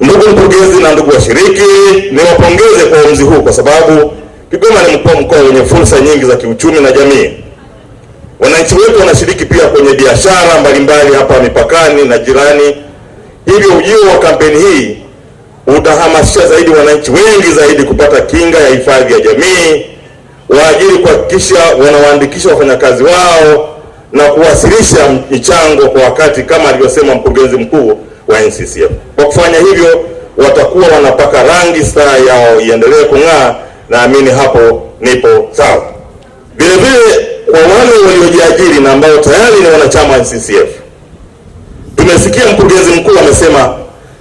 Ndugu mkurugenzi na ndugu washiriki, niwapongeze kwa uamuzi huu kwa sababu Kigoma ni mkoa mkoa wenye fursa nyingi za kiuchumi na jamii. Wananchi wetu wanashiriki pia kwenye biashara mbalimbali hapa mipakani na jirani, hivyo ujio wa kampeni hii utahamasisha zaidi wananchi wengi zaidi kupata kinga ya hifadhi ya jamii, waajiri kuhakikisha wanawaandikisha wafanyakazi wao na kuwasilisha michango kwa wakati kama alivyosema mkurugenzi mkuu wa NCCF. Kwa kufanya hivyo, watakuwa wanapaka rangi staa yao iendelee kung'aa. Naamini hapo nipo sawa. Vile vile kwa wale waliojiajiri na ambao tayari ni wanachama wa NCCF, tumesikia mkurugenzi mkuu amesema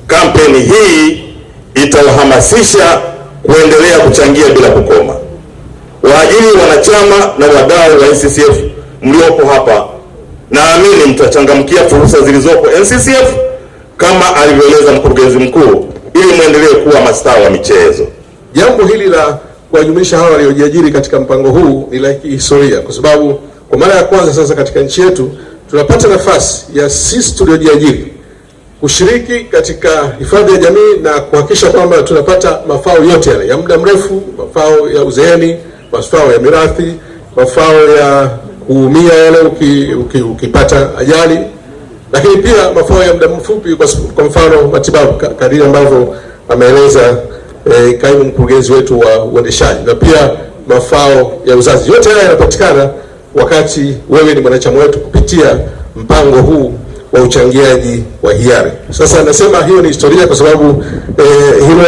kampeni hii itawahamasisha kuendelea kuchangia bila kukoma. Waajiri, wanachama na wadau wa NCCF mliopo hapa, naamini mtachangamkia fursa zilizopo NCCF kama alivyoeleza mkurugenzi mkuu, ili mwendelee kuwa mastaa wa michezo. Jambo hili la kuwajumuisha hawa waliojiajiri katika mpango huu ni la kihistoria, kwa sababu kwa mara ya kwanza sasa katika nchi yetu tunapata nafasi ya sisi tuliojiajiri kushiriki katika hifadhi ya jamii na kuhakikisha kwamba tunapata mafao yote yale ya muda mrefu, mafao ya uzeeni, mafao ya mirathi, mafao ya kuumia yale ukipata uki, uki ajali lakini pia mafao ya muda mfupi, kwa mfano matibabu, kadiri ambavyo ameeleza eh, kaimu mkurugenzi wetu wa uendeshaji, na pia mafao ya uzazi. Yote haya yanapatikana wakati wewe ni mwanachama wetu kupitia mpango huu wa uchangiaji wa hiari. Sasa nasema hiyo ni historia kwa sababu eh, hilo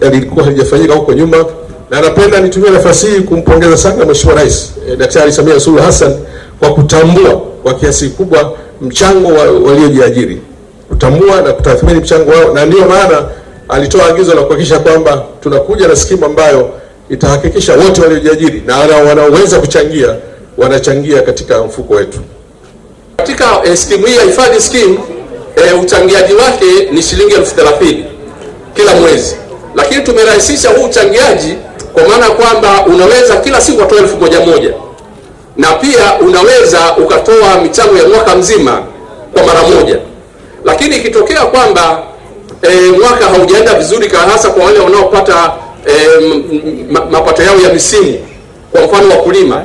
halikuwa halijafanyika huko nyuma, na napenda nitumie nafasi hii kumpongeza sana Mheshimiwa Rais eh, Daktari Samia Suluhu Hassan kwa kutambua kwa kiasi kubwa mchango waliojiajiri wa kutambua na kutathmini mchango wao, na ndiyo maana alitoa agizo la kuhakikisha kwamba tunakuja na skimu ambayo itahakikisha wote waliojiajiri na wanaoweza kuchangia wanachangia katika mfuko wetu. Katika eh, skimu hii ya hifadhi skimu eh, uchangiaji wake ni shilingi elfu thelathini kila mwezi, lakini tumerahisisha huu uchangiaji kwa maana kwamba unaweza kila siku watoa elfu moja moja na pia unaweza ukatoa michango ya mwaka mzima kwa mara moja, lakini ikitokea kwamba e, mwaka haujaenda vizuri, hasa kwa wale wanaopata e, mapato yao ya misimu, kwa mfano wakulima,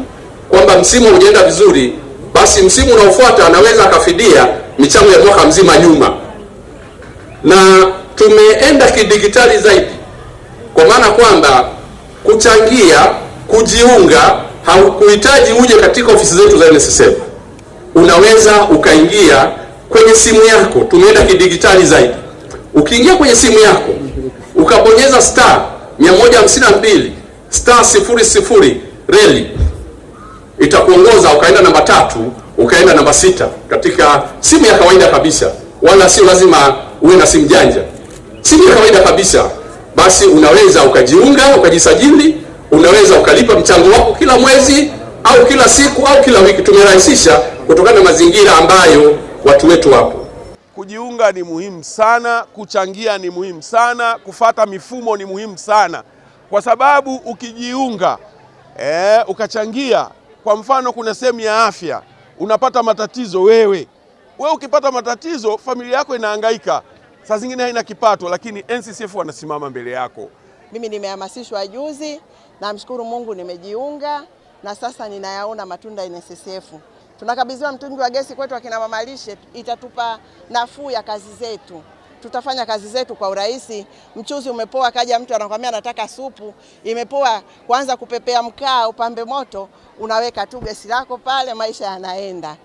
kwamba msimu haujaenda vizuri, basi msimu unaofuata anaweza akafidia michango ya mwaka mzima nyuma, na tumeenda kidigitali zaidi, kwa maana kwamba kuchangia, kujiunga haukuhitaji uje katika ofisi zetu za NSSF. Unaweza ukaingia kwenye simu yako, tumeenda kidigitali zaidi. Ukiingia kwenye simu yako ukabonyeza star 152 star 00 reli, itakuongoza ukaenda namba tatu, ukaenda namba sita katika simu ya kawaida kabisa, wala sio lazima uwe na simu janja, simu ya kawaida kabisa. Basi unaweza ukajiunga ukajisajili unaweza ukalipa mchango wako kila mwezi au kila siku au kila wiki. Tumerahisisha kutokana na mazingira ambayo watu wetu wapo. Kujiunga ni muhimu sana, kuchangia ni muhimu sana, kufata mifumo ni muhimu sana, kwa sababu ukijiunga eh, ukachangia, kwa mfano kuna sehemu ya afya unapata matatizo wewe, wewe ukipata matatizo familia yako inahangaika, saa zingine haina kipato, lakini NCCF wanasimama mbele yako. Mimi nimehamasishwa juzi, namshukuru Mungu nimejiunga na sasa ninayaona matunda NSSF. Tunakabidhiwa mtungi wa gesi kwetu akina mama lishe, itatupa nafuu ya kazi zetu, tutafanya kazi zetu kwa urahisi. Mchuzi umepoa, kaja mtu anakwambia anataka supu imepoa, kwanza kupepea mkaa, upambe moto, unaweka tu gesi lako pale, maisha yanaenda.